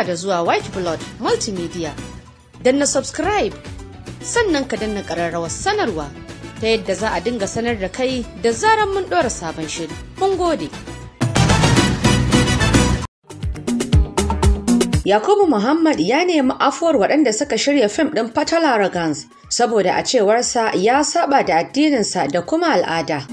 barka da zuwa white blood multimedia na subscribe sannan ka danna ƙararrawar sanarwa ta yadda za a dinga sanar da kai da zaran mun ɗora sabon shiri mun gode yakubu muhammad ya nemi afuwar waɗanda suka shirya fim ɗin fatal saboda a cewarsa ya saba da addininsa da kuma al'ada.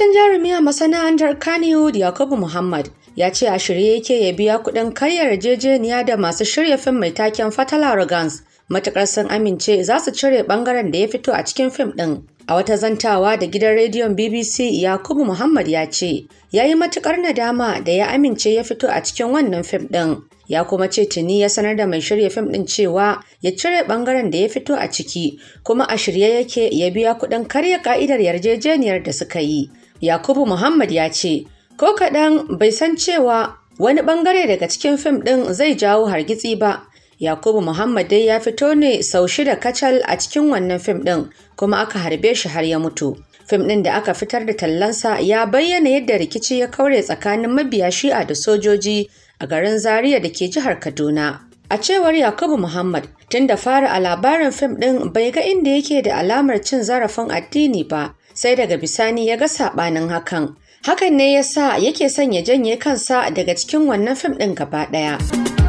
Fitaccen jarumi a masana'antar Kannywood Yakubu Muhammad ya ce a shirye yake ya biya kuɗin karya yarjejeniya da masu shirya fim mai taken Fatal Arrogance matukar sun amince za su cire ɓangaren da ya fito a cikin fim ɗin. A wata zantawa da gidan rediyon BBC Yakubu Muhammad ya ce ya yi matukar nadama da ya amince ya fito a cikin wannan fim ɗin. ya kuma ce tuni ya sanar da mai shirya fim ɗin cewa ya cire bangaren da ya fito a ciki kuma a shirye yake ya biya kuɗin karya ka'idar yarjejeniyar da suka yi Yakubu Muhammad ya ce, ko kaɗan bai san cewa wani ɓangare daga cikin fim ɗin zai jawo hargitsi ba. Yakubu Muhammad dai ya fito ne sau shida kacal a cikin wannan fim ɗin kuma aka harbe shi har ya mutu. Fim ɗin da aka fitar da tallansa ya bayyana yadda rikici ya kaure tsakanin mabiya shi'a da sojoji a garin Zaria da ke jihar Kaduna. A cewar Yakubu Muhammad, tun da fara a labarin fim ɗin bai ga inda yake da alamar cin zarafin addini ba, sai daga bisani ya ga saɓanin hakan. Hakan ne ya sa yake son ya janye kansa daga cikin wannan fim ɗin gaba ɗaya.